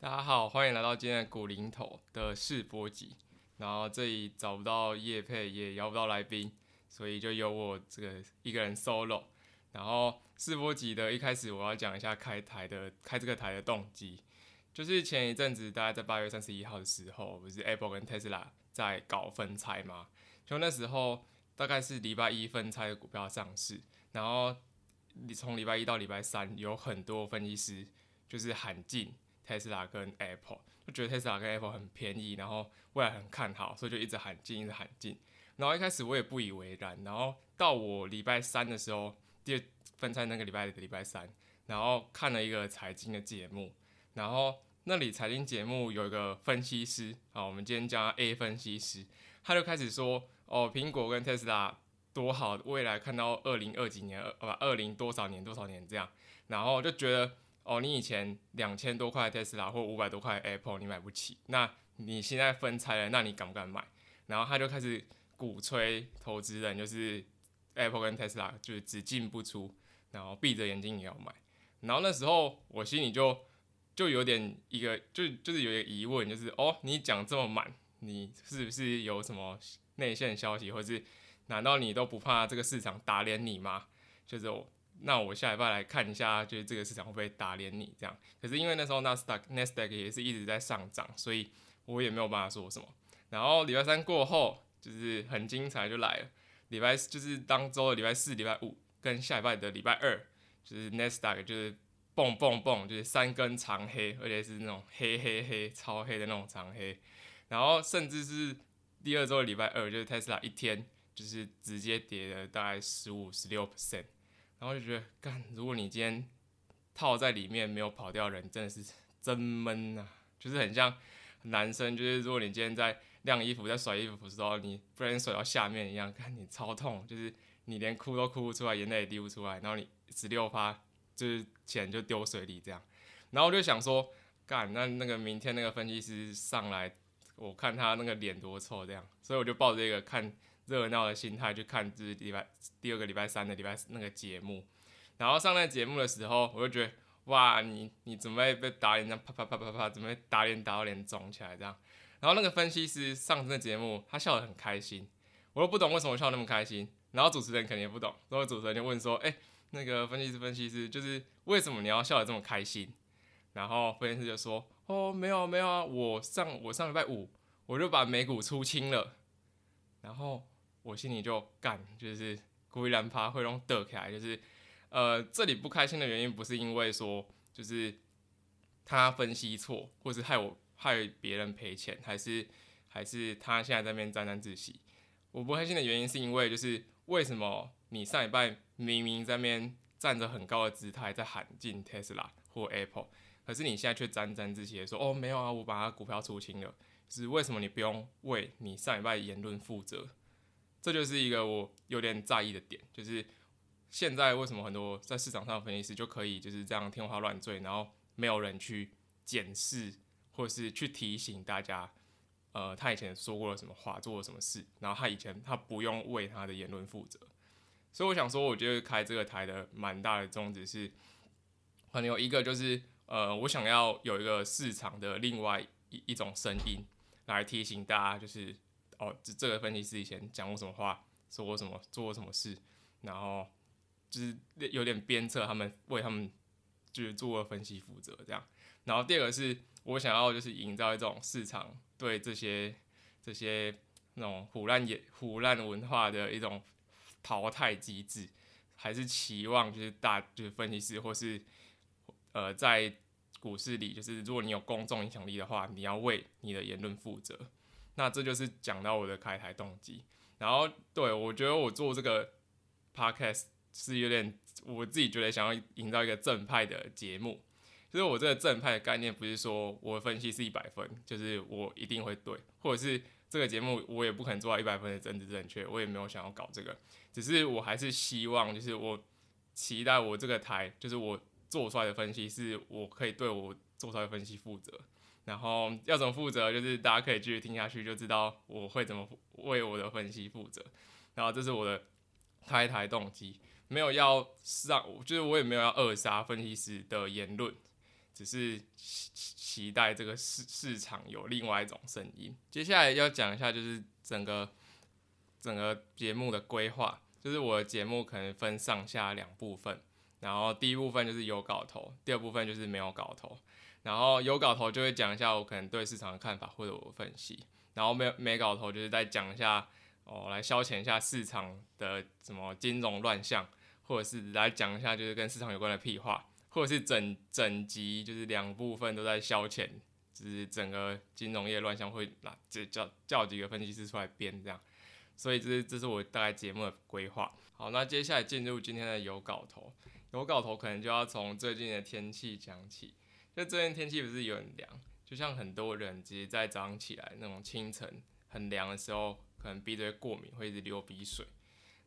大家好，歡迎來到今天的股零頭的試播集。然後這裡找不到業配，也邀不到來賓，所以就由我這個一個人 solo。然後試播集的一開始，我要講一下開台的開這個台的動機，就是前一陣子大家在八月三十一號的時候，不是 Apple 跟 Tesla 在搞分拆嗎？就那時候大概是禮拜一分拆的股票上市，然後你從禮拜一到禮拜三有很多分析師就是喊進。Tesla 跟 Apple 就覺得 Tesla 跟 Apple 很便宜，然後未來很看好，所以就一直喊進，一直喊進。然後一開始我也不以為然，然後到我禮拜三的時候，第分在那個禮拜的禮拜三，然後看了一個財經的節目，然後那裡財經節目有一個分析師，好，我們今天叫他 A 分析師，他就開始說，哦，蘋果跟 Tesla 多好，未來看到二零二幾年呃，不二零多少年多少年這樣，然後就覺得。哦，你以前兩千多塊特斯拉或五百多塊 Apple 你買不起，那你現在分拆了，那你敢不敢買？然後他就開始鼓吹投資人，就是 Apple 跟 Tesla 就只進不出，然後閉着眼睛也要買。然後那時候我心裡就就有點一個就就是有一個疑問，就是哦，你講這麼滿，你是不是有什麼內線消息，或是難道你都不怕這個市場打臉你嗎？就是我。那我下禮拜來看一下，就是這個市場會不會打臉你這樣？可是因為那時候 Nasdaq Nasdaq 也是一直在上漲，所以我也沒有辦法說什麼。然後禮拜三過後就是很精彩就來了，禮拜四，就是當周的禮拜四、禮拜五跟下禮拜的禮拜二，就是 Nasdaq 就是蹦蹦蹦，就是三根長黑，而且是那種黑黑黑超黑的那種長黑。然後甚至是第二周的禮拜二，就是 Tesla 一天就是直接跌了大概十五、十六 percent。然後我就覺得，幹，如果你今天套在裡面沒有跑掉人，真的是真悶吶、啊，就是很像男生，就是如果你今天在晾衣服，在甩衣服的時候，你不然你甩到下面一樣，看你超痛，就是你連哭都哭不出來，眼淚也滴不出來，然後你十六趴就是錢就丟水裡這樣，然後我就想說，幹，那那個明天那個分析師上來，我看他那個臉多臭這樣，所以我就抱着這個看。熱鬧的心態去看，就是禮拜第二個禮拜三的禮拜那個節目，然後上那個節目的時候，我就覺得哇，你你準備被打臉，這樣啪啪啪啪啪，準備打臉打到臉腫起來這樣。然後那個分析師上那節目，他笑得很開心，我又不懂為什麼笑那麼開心。然後主持人肯定也不懂，然後主持人就問說：“誒、欸，那個分析師，分析師就是為什麼你要笑得這麼開心？”然後分析師就說：“哦，沒有沒有啊，我上我上禮拜五我就把美股出清了，然後。”我心裡就幹，就是故意亂發，會弄得起來，就是，呃，這裡不開心的原因不是因為說，就是他分析錯，或是害我害別人賠錢，還是還是他現在在那邊沾沾自喜。我不開心的原因是因為，就是為什麼你上禮拜明明在那邊站着很高的姿態在喊進 Tesla 或 Apple，可是你現在卻沾沾自喜的說，哦，沒有啊，我把它股票出清了，就是為什麼你不用為你上禮拜言論負責？這就是一個我有點在意的點，就是現在為什麼很多在市場上的分析師就可以就是這樣天花亂墜，然後沒有人去檢視，或是去提醒大家，呃，他以前說過了什麼話，做了什麼事，然後他以前他不用為他的言論負責。所以我想說，我覺得開這個台的蠻大的宗旨是，很有一個就是，呃，我想要有一個市場的另外一一種聲音來提醒大家，就是。哦，這這個分析師以前講過什麼話，說我什麼做過什麼事，然後就是有點鞭策他們為他們就是做分析負責這樣。然後第二個是我想要就是營造一種市場對這些這些那種唬爛也唬爛文化的一種淘汰機制，還是期望就是大就是分析師或是呃在股市裡，就是如果你有公眾影響力的話，你要為你的言論負責。那這就是講到我的開台動機，然後對，我覺得我做這個 podcast 是有點我自己覺得想要營造一個正派的節目，就是我這個正派的概念不是說我的分析是一百分，就是我一定會對，或者是這個節目我也不可能做到一百分的真的正確，我也沒有想要搞這個，只是我還是希望就是我期待我這個台，就是我做出來的分析是我可以對我做出來的分析負責。然後要怎麼負責？就是大家可以繼續聽下去，就知道我會怎麼為我的分析負責。然後這是我的開台動機，沒有要上，就是我也沒有要扼殺分析師的言論，只是期期待這個市市場有另外一種聲音。接下來要講一下，就是整個整個節目的規劃，就是我的節目可能分上下兩部分，然後第一部分就是有搞頭，第二部分就是沒有搞頭。然後有搞頭就會講一下我可能對市場的看法，或者我的分析，然後沒有沒搞頭就是在講一下，哦，來消遣一下市場的什麼金融亂象，或者是來講一下就是跟市場有關的屁話，或者是整整集就是兩部分都在消遣，就是整個金融業亂象會那、啊、就叫，叫幾個分析師出來編這樣，所以這、就是這是我大概節目的規劃。好，那接下來進入今天的有搞頭，有搞頭可能就要從最近的天氣講起。那這邊天氣不是有點涼，就像很多人其實在早上起來那種清晨很涼的時候，可能鼻子會過敏，會一直流鼻水。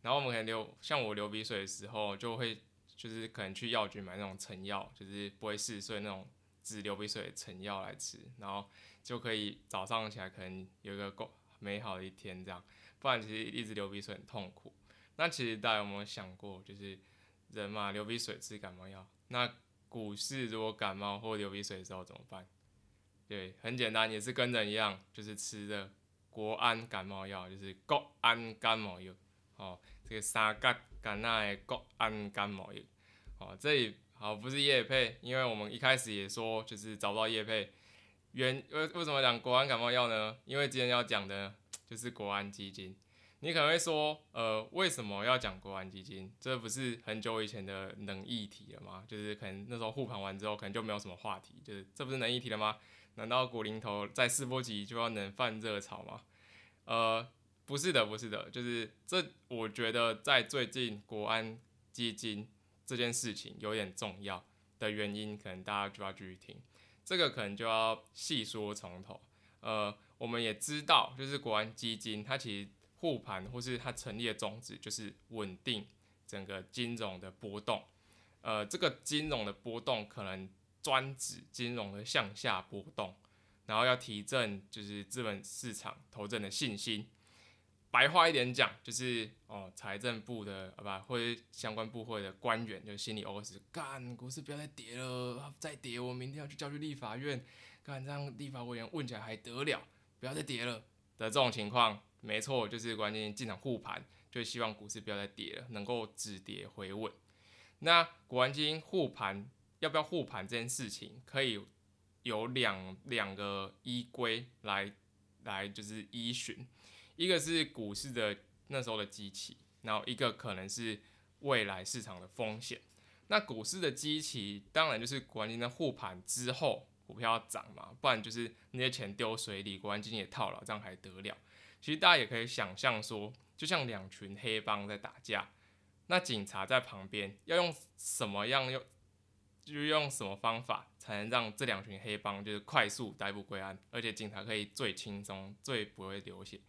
然後我們可能流，像我流鼻水的時候，就會就是可能去藥局買那種成藥，就是不會嗜睡那種只流鼻水的成藥來吃，然後就可以早上起來可能有一個夠美好的一天這樣。不然其實一直流鼻水很痛苦。那其實大家有沒有想過，就是人嘛、啊，流鼻水吃感冒藥那？股市如果感冒或流鼻水的時候怎麼辦？對，很簡單，也是跟人一樣，就是吃的國安感冒藥，就是國安感冒藥哦。這個三甲甘那的國安感冒藥哦，這裡哦不是業配，因為我們一開始也說就是找不到業配。原為為什麼講國安感冒藥呢？因為今天要講的就是國安基金。你可能會說，呃，為什麼要講國安基金？這不是很久以前的冷議題了嗎？就是可能那時候護盤完之後，可能就沒有什麼話題，就是這不是冷議題了嗎？難道國林頭在四波級就要能犯熱潮嗎？呃，不是的，不是的，就是這，我覺得在最近國安基金這件事情有點重要的原因，可能大家就要繼續聽，這個可能就要細說從頭。呃，我們也知道，就是國安基金它其實。護盤或是它成立的宗旨就是穩定整個金融的波動，呃，這個金融的波動可能專指金融的向下波動，然後要提振就是資本市場投資人的信心。白話一點講，就是哦，財政部的呃，吧，或者相關部會的官員就是、心裡 OS：幹股市不要再跌了，再跌我明天要去叫去立法院，幹這樣立法委員問起來還得了，不要再跌了的這種情況。沒錯，就是國安基金進場護盤，就希望股市不要再跌了，能夠止跌回穩。那國安基金護盤要不要護盤這件事情，可以有兩兩個依歸來來就是依循，一個是股市的那時候的基期，然後一個可能是未來市場的風險。那股市的基期當然就是國安基金護盤之後股票要漲嘛，不然就是那些錢丟水裡，國安基金也套牢，這樣還得了？其實大家也可以想象說，就像兩群黑幫在打架，那警察在旁邊要用什麼樣，用就用什麼方法才能讓這兩群黑幫就是快速逮捕歸案，而且警察可以最輕鬆、最不會流血。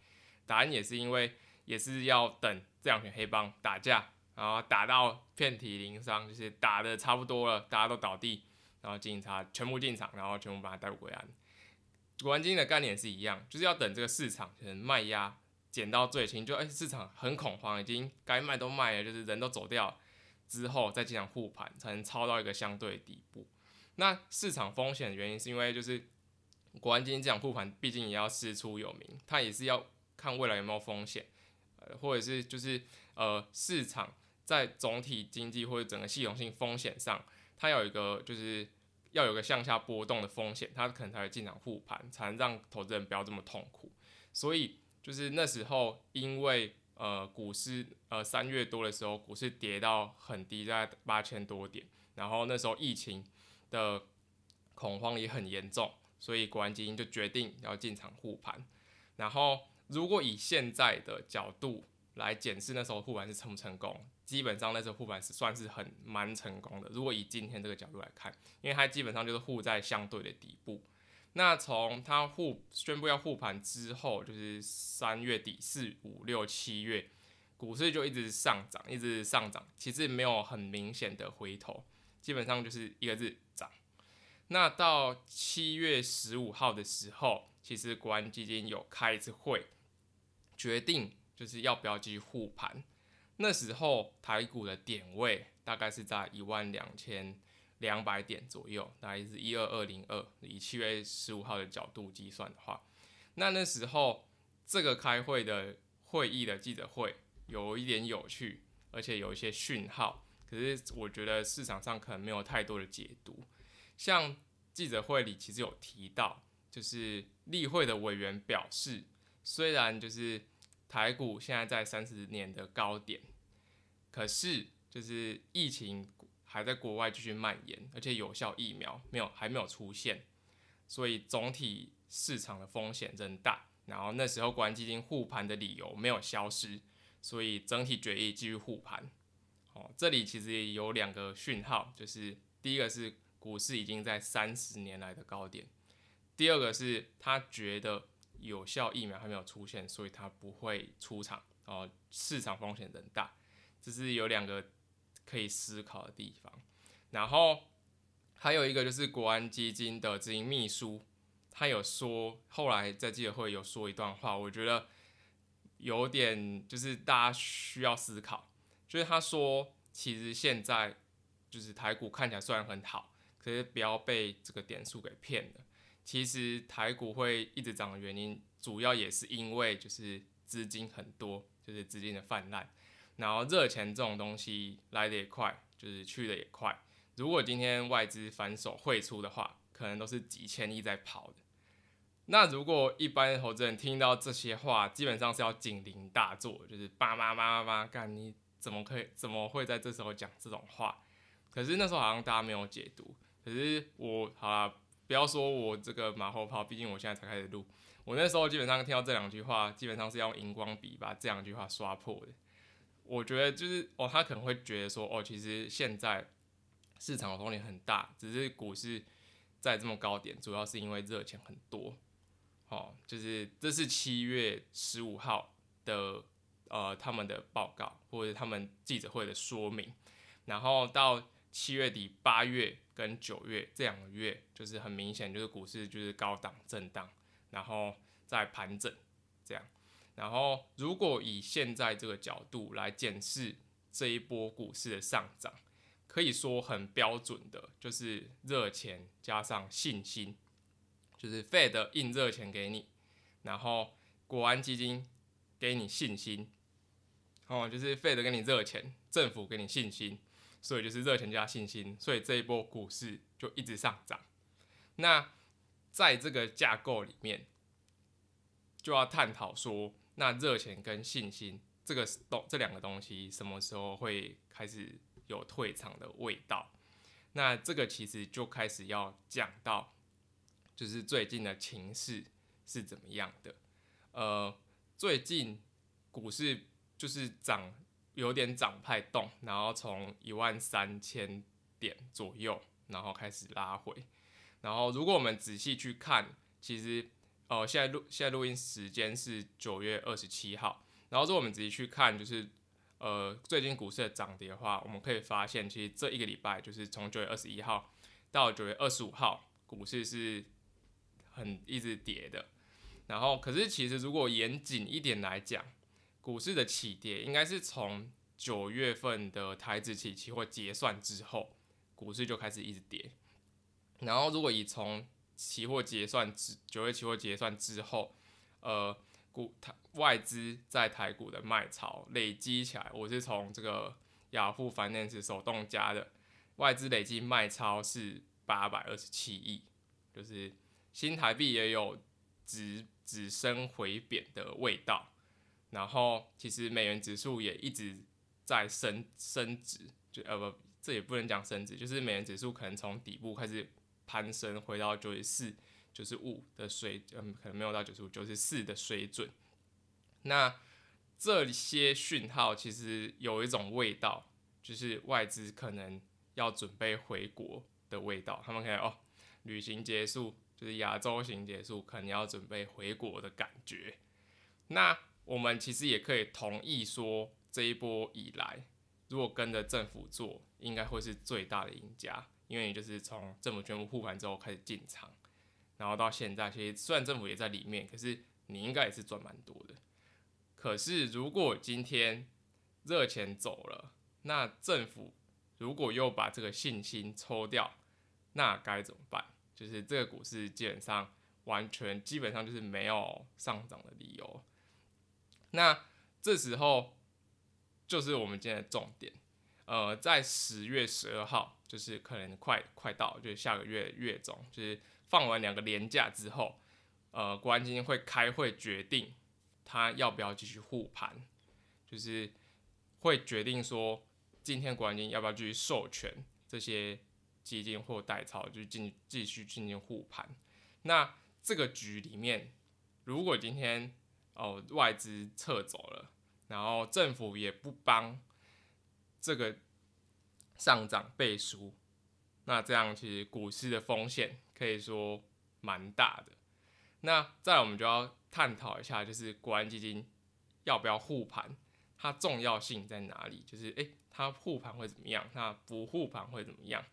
答案也是因為也是要等這兩群黑幫打架，然後打到遍體鱗傷，就是打得差不多了，大家都倒地，然後警察全部進場，然後全部把他逮捕歸案。國安基金的概念是一樣，就是要等這個市場可能賣壓減到最輕，就哎、欸、市場很恐慌，已經該賣都賣了，就是人都走掉之後，再進行護盤，才能抄到一個相對底部。那市場風險的原因是因為就是國安基金這樣護盤，畢竟也要師出有名，它也是要看未來有沒有風險，呃或者是就是呃市場在總體經濟或者整個系統性風險上，它有一個就是。要有個向下波動的風險，它可能才會進場護盤，才能讓投資人不要這麼痛苦。所以就是那時候，因為呃股市呃三月多的時候，股市跌到很低，在八千多點，然後那時候疫情的恐慌也很嚴重，所以國安基金就決定要進場護盤。然後如果以現在的角度來檢視，那時候護盤是成不成功？基本上那次護盤是算是很蠻成功的。如果以今天這個角度來看，因為它基本上就是護在相對的底部。那從它護宣布要護盤之後，就是三月底四五六七月，股市就一直上漲，一直上漲，其實沒有很明顯的回頭，基本上就是一個字：漲。那到七月十五號的時候，其實國安基金有開一次會，決定就是要不要繼續護盤。那時候台股的點位大概是在一萬兩千兩百點左右，大概是一二二零二。以七月十五號的角度計算的話，那那時候這個開會的會議的記者會有一點有趣，而且有一些訊號。可是我覺得市場上可能沒有太多的解讀。像記者會裡其實有提到，就是例會的委員表示，雖然就是。台股現在在三十年的高點，可是就是疫情還在國外繼續蔓延，而且有效疫苗沒有還沒有出現，所以總體市場的風險真大。然後那時候，國安基金護盤的理由沒有消失，所以整體決議繼續護盤。哦，這裡其實有兩個訊號，就是第一個是股市已經在三十年來的高點，第二個是他覺得。有效疫苗還沒有出現，所以它不會出場哦。市場風險很大，這是有兩個可以思考的地方。然後還有一個就是國安基金的執行秘書，他有說，後來在記者會有說一段話，我覺得有點就是大家需要思考。就是他說，其實現在就是台股看起來雖然很好，可是不要被這個點數給騙了。其實台股會一直漲的原因，主要也是因為就是資金很多，就是資金的泛濫。然後熱錢這種東西來得也快，就是去得也快。如果今天外資反手匯出的話，可能都是幾千億在跑的。那如果一般投資人聽到這些話，基本上是要警鈴大作，就是爸媽、媽媽、媽、媽，幹你怎麼可以怎麼會在這時候講這種話？可是那時候好像大家沒有解讀。可是我好啦。不要說我這個馬後炮，畢竟我現在才開始錄。我那時候基本上聽到這兩句話，基本上是要用熒光筆把這兩句話刷破的。我覺得就是哦，他可能會覺得說哦，其實現在市場的風險很大，只是股市在這麼高點，主要是因為熱錢很多。哦，就是這是七月十五號的呃，他們的報告或者他們記者會的說明，然後到。七月底、八月跟九月這兩個月，就是很明顯，就是股市就是高檔震盪，然後再盤整這樣。然後，如果以現在這個角度來檢視這一波股市的上漲，可以說很標準的，就是熱錢加上信心，就是 Fed 印熱錢給你，然後國安基金給你信心，哦，就是 Fed 給你熱錢，政府給你信心。所以就是熱錢加信心，所以這一波股市就一直上漲。那在這個架構裡面，就要探討說，那熱錢跟信心這個東這兩個東西，什麼時候會開始有退場的味道？那這個其實就開始要講到，就是最近的情勢是怎麼樣的。呃，最近股市就是漲。有點漲太動，然後從一萬三千點左右，然後開始拉回。然後如果我們仔細去看，其實哦、呃，現在錄現在錄音時間是九月二十七號。然後如果我們仔細去看，就是呃，最近股市的漲跌的話，我們可以發現，其實這一個禮拜就是從九月二十一號到九月二十五號，股市是很一直跌的。然後可是其實如果嚴謹一點來講，股市的起跌應該是從九月份的台指期期貨結算之後，股市就開始一直跌。然後，如果以從期貨結算之九月期貨結算之後，呃，股台外資在台股的賣超累積起來，我是從這個雅虎、ah、Finance 手動加的外資累計賣超是八百二十七億，就是新台幣也有止止升回貶的味道。然後，其實美元指數也一直在升升值，就呃不，這也不能講升值，就是美元指數可能從底部開始攀升，回到九十四、九十五的水，嗯、呃，可能沒有到九十五，九十四的水準。那這些訊號其實有一種味道，就是外資可能要準備回國的味道。他們可以哦，旅行結束，就是亞洲行結束，可能要準備回國的感覺。那。我們其實也可以同意說，這一波以來，如果跟着政府做，應該會是最大的贏家，因為你就是從政府全部護盤之後開始進場，然後到現在，其實雖然政府也在裡面，可是你應該也是賺蠻多的。可是如果今天熱錢走了，那政府如果又把這個信心抽掉，那該怎麼辦？就是這個股市基本上完全基本上就是沒有上漲的理由。那這時候就是我們今天的重點，呃，在十月十二號，就是可能快快到，就是下個月月中，就是放完兩個連假之後，呃，國安基金會開會決定，他要不要繼續護盤，就是會決定說，今天國安基金要不要繼續授權這些基金或代操，就進繼續進行護盤。那這個局裡面，如果今天。哦，外資撤走了，然後政府也不幫這個上漲背書，那這樣其實股市的風險可以說蠻大的。那再來我們就要探討一下，就是國安基金要不要護盤，它重要性在哪裡？就是哎、欸，它護盤會怎麼樣？那不護盤會怎麼樣？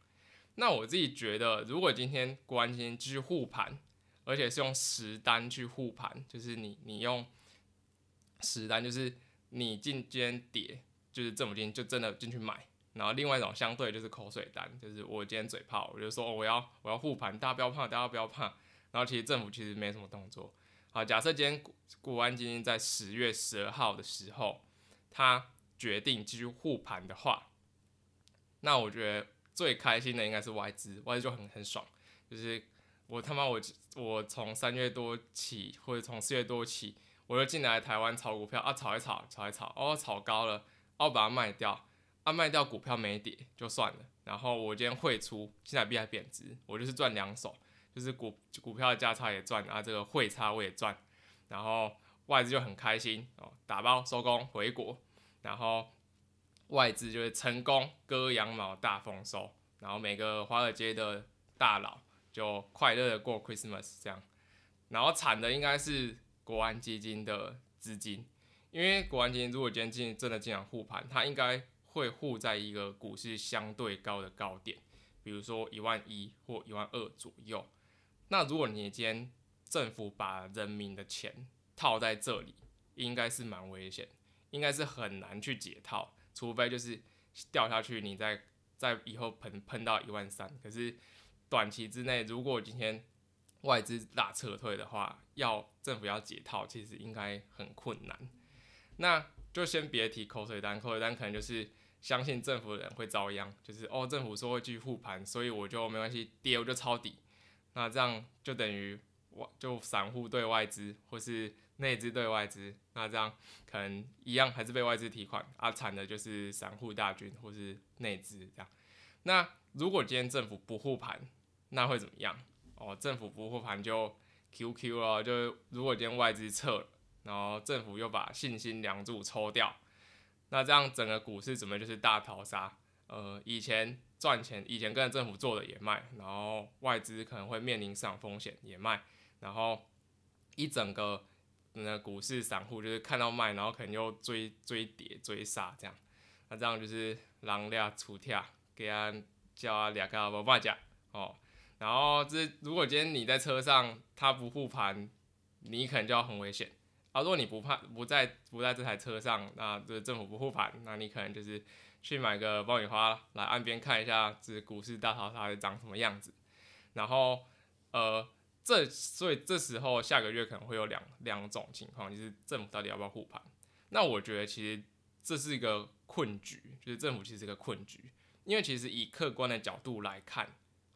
那我自己覺得，如果今天國安基金繼續護盤，而且是用實單去護盤，就是你你用實單，就是你今天跌，就是政府今天就真的進去買。然後另外一種相對就是口水單，就是我今天嘴炮，我就是說、哦、我要我要護盤，大家不要怕，大家不要怕。然後其實政府其實沒什麼動作。好，假設今天國安基金在十月十二號的時候，他決定繼續護盤的話，那我覺得最開心的應該是外資，外資就很很爽，就是。我他媽我我從三月多起，或者從四月多起，我就進來台灣炒股票啊，炒一炒，炒一炒，哦，炒高了，哦，把它賣掉，啊，賣掉股票沒跌就算了，然後我今天匯出，現在幣還貶值，我就是賺兩手，就是股股票的價差也賺啊，這個匯差我也賺，然後外資就很開心哦，打包收工回國，然後外資就是成功割羊毛大豐收，然後每個華爾街的大佬。就快樂的過 Christmas 這樣，然後慘的應該是國安基金的資金，因為國安基金如果今天真的進場護盤，它應該會護在一個股市相對高的高點，比如說一萬一或一萬二左右。那如果你今天政府把人民的錢套在這裡，應該是蠻危險，應該是很難去解套，除非就是掉下去你在，你再再以後噴噴到一萬三，可是。短期之內，如果今天外資大撤退的話，要政府要解套，其實應該很困難。那就先別提口水單，口水單可能就是相信政府的人會遭殃，就是哦，政府說會繼續護盤，所以我就沒關係跌，我就抄底。那這樣就等於我就散戶對外資，或是內資對外資，那這樣可能一樣還是被外資提款啊，慘的就是散戶大軍或是內資這樣。那如果今天政府不護盤，那會怎麼樣？哦，政府不護盤就 Q Q 了，就如果今天外資撤了，然後政府又把信心梁柱抽掉，那這樣整個股市怎麼就是大逃殺？呃，以前賺錢，以前跟政府做的也賣，然後外資可能會面臨市場風險也賣，然後一整個那、嗯、股市散戶就是看到賣，然後可能又追追跌追殺這樣，那這樣就是狼倆出跳，給他叫他倆個無辦法哦。然後，這如果今天你在車上，他不護盤，你可能就要很危險啊。如果你不怕，不在不在這台車上，那這政府不護盤，那你可能就是去買個爆米花來岸邊看一下這股市大逃殺它長什麼樣子。然後，呃，這所以這時候下個月可能會有兩兩種情況，就是政府到底要不要護盤？那我覺得其實這是一個困局，就是政府其實是一個困局，因為其實以客觀的角度來看。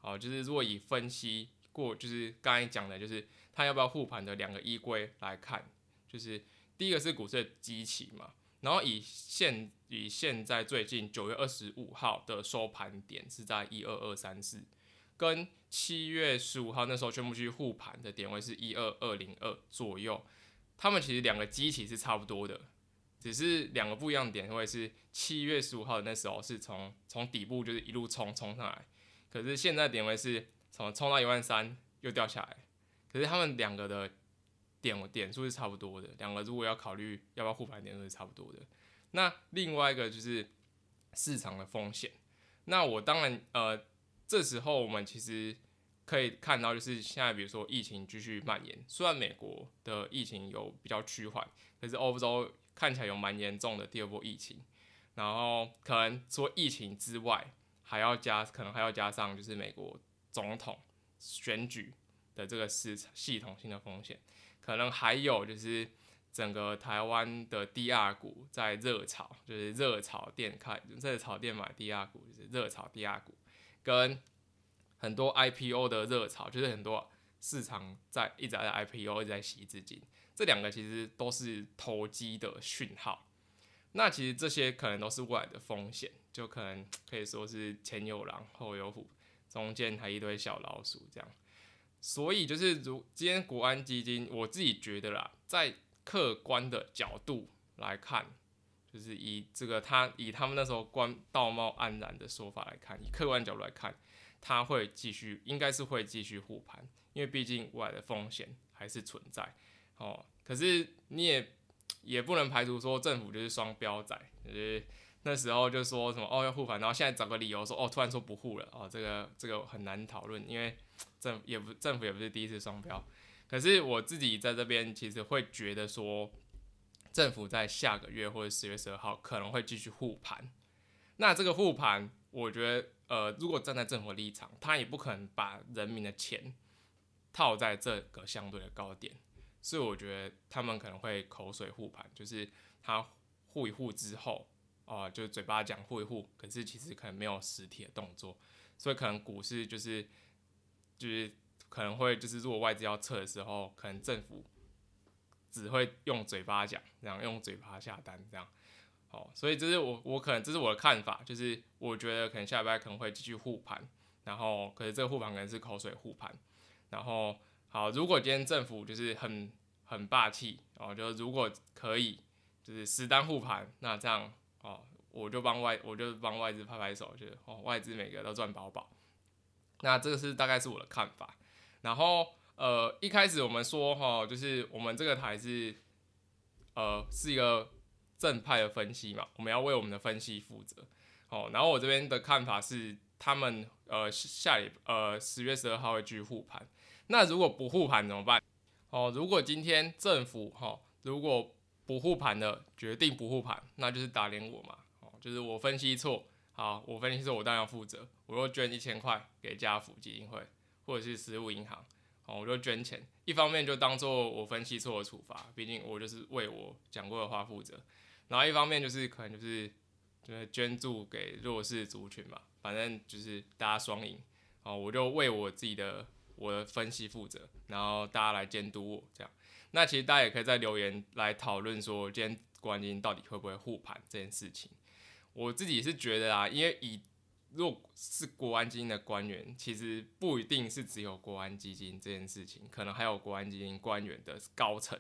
哦，就是如果以分析過，就是剛才講的，就是他要不要護盤的兩個依歸來看，就是第一個是股市的基期嘛，然後以現以現在最近九月二十五號的收盤點是在一二二三四，跟七月十五號那時候宣布去護盤的點位是一二二零二左右，他們其實兩個基期是差不多的，只是兩個不一樣的點位是七月十五號的那時候是從從底部就是一路衝衝上來。可是現在的點位是什麼衝到一萬三又掉下來，可是他們兩個的點點數是差不多的，兩個如果要考慮要不要護盤，點數是差不多的。那另外一個就是市場的風險。那我當然呃，這時候我們其實可以看到，就是現在比如說疫情繼續蔓延，雖然美國的疫情有比較趨緩，可是歐洲看起來有蠻嚴重的第二波疫情，然後可能除了疫情之外。還要加，可能還要加上就是美國總統選舉的這個市場系統性的風險，可能還有就是整個台灣的 DR 股在熱炒，就是熱炒店開，熱炒店買 DR 股，就是熱炒 DR 股，跟很多 IPO 的熱炒，就是很多市場在一直在 IPO，一直在吸資金，這兩個其實都是投機的訊號。那其實這些可能都是外來的風險，就可能可以說是前有狼後有虎，中間還一堆小老鼠這樣。所以就是如今天國安基金，我自己覺得啦，在客觀的角度來看，就是以這個他以他們那時候官道貌岸然的說法來看，以客觀角度來看，他會繼續應該是會繼續護盤，因爲畢竟外來的風險還是存在哦。可是你也。也不能排除說政府就是雙標仔，就是那時候就說什麼哦，要護盤，然後現在找個理由說哦，突然說不護了哦，這個這個很難討論，因為政也不政府也不是第一次雙標。可是我自己在這邊其實會覺得說，政府在下個月或者十月十二號可能會繼續護盤，那這個護盤，我覺得呃如果站在政府立場，他也不可能把人民的錢套在這個相對的高點。所以我覺得他們可能會口水護盤，就是他護一護之後，哦、呃，就是嘴巴講護一護，可是其實可能沒有實體的動作，所以可能股市就是就是可能會就是如果外資要撤的時候，可能政府只會用嘴巴講，然後用嘴巴下單這樣，哦，所以這是我我可能這是我的看法，就是我覺得可能下禮拜可能會繼續護盤，然後可是這個護盤可能是口水護盤，然後。好，如果今天政府就是很很霸氣哦，就如果可以就是實彈護盤，那這樣哦，我就幫外我就幫外資拍拍手，就哦外資每個都賺飽飽。那這個是大概是我的看法。然後呃一開始我們說哈、哦，就是我們這個台是呃是一個正派的分析嘛，我們要為我們的分析負責。哦，然後我這邊的看法是，他們呃下禮呃十月十二號會繼續護盤。那如果不護盤怎麼辦？哦，如果今天政府哈、哦、如果不護盤的決定不護盤，那就是打臉我嘛，哦，就是我分析錯，好，我分析錯，我當然要負責，我就捐一千塊給家扶基金會或者是食物銀行，哦，我就捐錢，一方面就當做我分析錯的處罰，畢竟我就是為我講過的話負責，然後一方面就是可能就是就是捐助給弱勢族群嘛，反正就是大家雙贏，哦，我就為我自己的。我的分析負責，然後大家來監督我這樣。那其實大家也可以在留言來討論說，今天國安基金到底會不會護盤這件事情。我自己是覺得啊，因為以若是國安基金的官員，其實不一定是只有國安基金這件事情，可能還有國安基金官員的高層，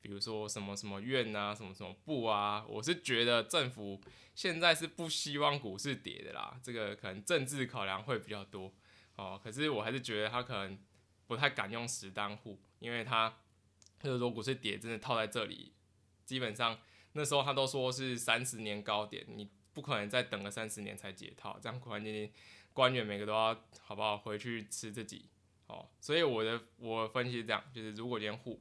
比如說什麼什麼院啊，什麼什麼部啊。我是覺得政府現在是不希望股市跌的啦，這個可能政治考量會比較多。哦，可是我還是覺得他可能不太敢用實彈護，因為他他就如果是跌，真的套在這裡，基本上那時候他都說是三十年高點，你不可能再等個三十年才解套，這樣關關你官員每個都要好不好回去吃自己。哦，所以我的我的分析是這樣，就是如果今天護，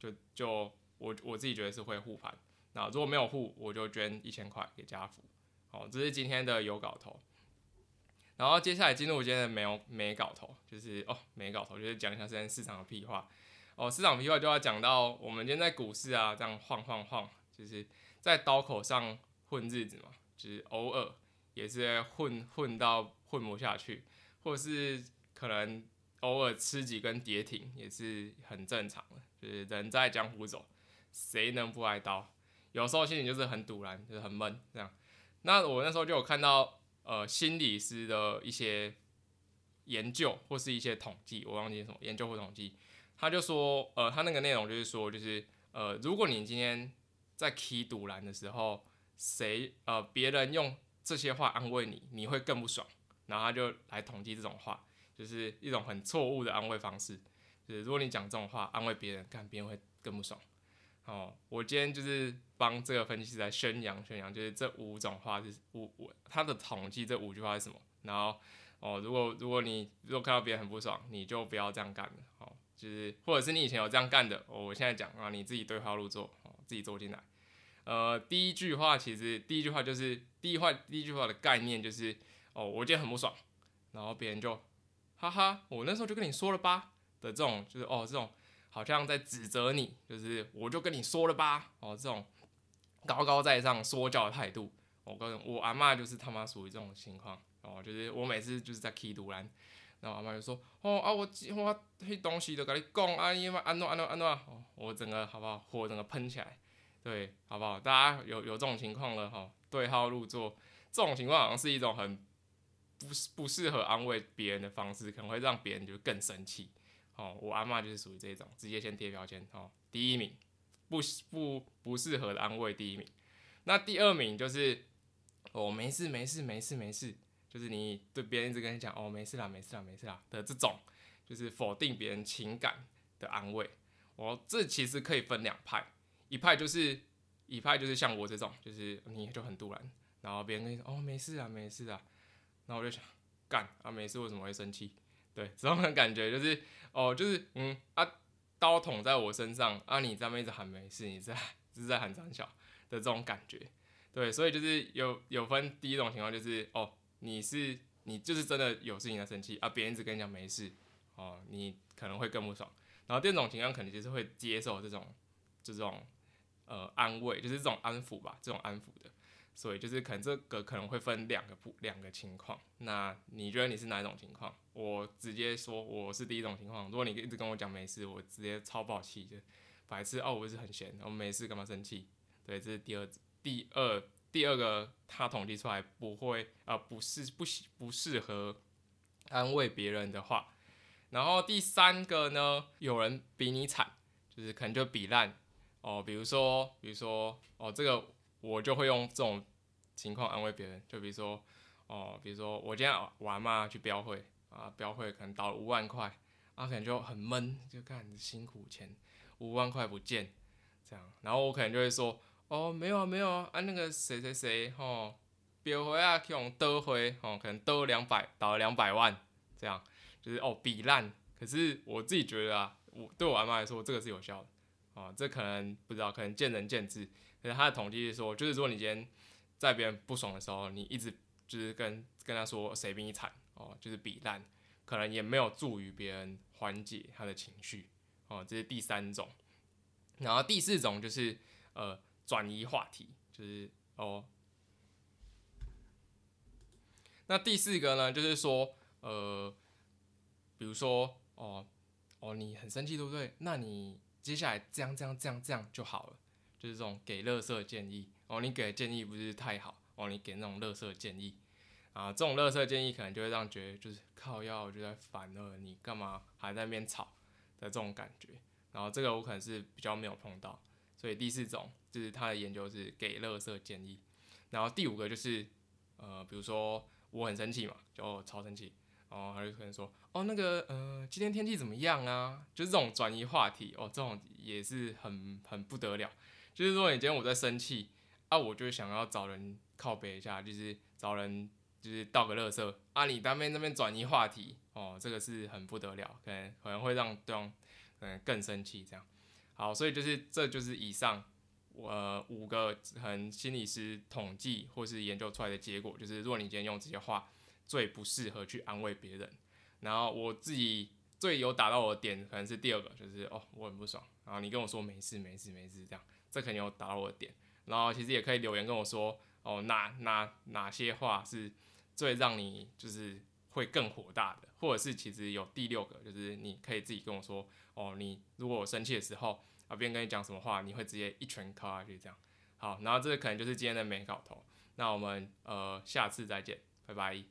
就就我我自己覺得是會護盤，那如果沒有護，我就捐一千塊給家扶。哦，這是今天的有搞頭。然後接下來進入今天的沒有沒搞頭，就是哦沒搞頭，就是講一下現在市場的屁話。哦，市場的屁話就要講到我們今天在股市啊，這樣晃晃晃，就是在刀口上混日子嘛，就是偶爾也是在混，混到混不下去，或者是可能偶爾吃幾根跌停也是很正常的，就是人在江湖走，誰能不挨刀？有時候心裡就是很堵然，就是很悶這樣。那我那時候就有看到。呃，心理師的一些研究或是一些統計，我忘記什麼研究或統計，他就說，呃，他那個內容就是說，就是呃，如果你今天在起賭瀾的時候，誰呃別人用這些話安慰你，你會更不爽。然後他就來統計這種話，就是一種很錯誤的安慰方式，就是如果你講這種話安慰別人，看別人會更不爽。哦，我今天就是幫這個分析師來宣揚宣揚，就是這五種話是五五，他的統計這五句話是什麼？然後哦，如果如果你如果看到別人很不爽，你就不要這樣幹了。哦，就是或者是你以前有這樣幹的，哦，我現在講啊，你自己對號入座，哦，自己坐進來。呃，第一句話其實第一句話就是第一話第一句話的概念就是哦，我今天很不爽，然後別人就哈哈，我那時候就跟你說了吧的這種就是哦，這種。好像在指責你，就是我就跟你說了吧，哦，這種高高在上說教的態度，我、哦、跟我阿嬤就是他媽屬於這種情況，哦，就是我每次就是在踢獨籃，然後阿嬤就說，哦啊我我東西都給你講，阿姨媽安諾安諾安諾啊，我整個好不好火整個噴起來，對好不好？大家有有這種情況了哈、哦，對號入座，這種情況好像是一種很不適不適合安慰別人的方式，可能會讓別人就更生氣。哦，我阿嬤就是屬於這種，直接先貼標籤哦。第一名，不不不適合的安慰，第一名。那第二名就是，哦，沒事沒事沒事沒事，就是你對別人一直跟你講，哦，沒事啦沒事啦沒事啦的這種，就是否定別人情感的安慰。我、哦、這其實可以分兩派，一派就是一派就是像我這種，就是你就很杜然，然後別人跟你說，哦，沒事啊沒事啊，然後我就想，幹啊，沒事為什麼會生氣？對，這種感覺就是哦，就是嗯啊，刀捅在我身上啊，你這邊一直喊沒事，你在就是在喊張曉的這種感覺。對，所以就是有有分第一種情況就是哦，你是你就是真的有事情在生氣啊，別人一直跟你講沒事哦，你可能會更不爽。然後第二種情況可能就是會接受這種就這種呃安慰，就是這種安撫吧，這種安撫的。所以就是可能這個可能會分兩個不兩個情況，那你覺得你是哪一種情況？我直接說我是第一種情況。如果你一直跟我講沒事，我直接超爆氣就反正是哦，我是很閒，我沒事幹嘛生氣？對，這是第二第二第二個他統計出來不會啊、呃，不適不不不適合安慰別人的話。然後第三個呢，有人比你慘，就是可能就比爛哦，比如說比如說哦這個。我就會用這種情況安慰別人，就比如說，哦、呃，比如說我今天玩嘛，哦、我阿嬤去標會啊，標會可能倒了五萬塊，啊，可能就很悶，就看辛苦錢五萬塊不見，這樣，然後我可能就會說，哦，沒有啊，沒有啊，啊，那個誰誰誰吼，標會啊，去用倒會哦，可能倒兩百，倒了兩百萬，這樣，就是哦比爛，可是我自己覺得啊，我對我阿媽來說，這個是有效的，哦、啊，這可能不知道，可能見仁見智。他的統計是說，就是說你今天在別人不爽的時候，你一直就是跟跟他說誰比你慘哦，就是比爛，可能也沒有助於別人緩解他的情緒哦，這是第三種。然後第四種就是呃轉移話題，就是哦。那第四個呢，就是說呃，比如說哦哦你很生氣對不對？那你接下來這樣這樣這樣這樣就好了。就是這種給樂色建議哦，你給的建議不是太好哦，你給那種樂色建議啊，這種樂色建議可能就會讓人覺得就是靠，要我就在煩了，你幹嘛還在那邊吵的這種感覺。然後這個我可能是比較沒有碰到，所以第四種就是他的研究是給樂色建議，然後第五個就是呃，比如說我很生氣嘛，就超生氣，哦然後他就可能說哦那個呃今天天氣怎麼樣啊，就是這種轉移話題哦，這種也是很很不得了。就是如果你今天我在生氣，啊，我就想要找人靠北一下，就是找人就是倒個垃圾，啊，你，你當面那邊轉移話題，哦，這個是很不得了，可能可能會讓對方嗯更生氣這樣。好，所以就是這就是以上我、呃、五個可能心理師統計或是研究出來的結果，就是如果你今天用這些話，最不適合去安慰別人。然後我自己最有打到我的點可能是第二個，就是哦我很不爽，然後你跟我說沒事沒事沒事這樣。這肯定有打到我的點，然後其實也可以留言跟我說哦，哪哪哪些話是最讓你就是會更火大的，或者是其實有第六個，就是你可以自己跟我說哦，你如果我生氣的時候啊，別人跟你講什麼話，你會直接一拳敲下去這樣。好，然後這個可能就是今天的沒搞頭，那我們呃下次再見，拜拜。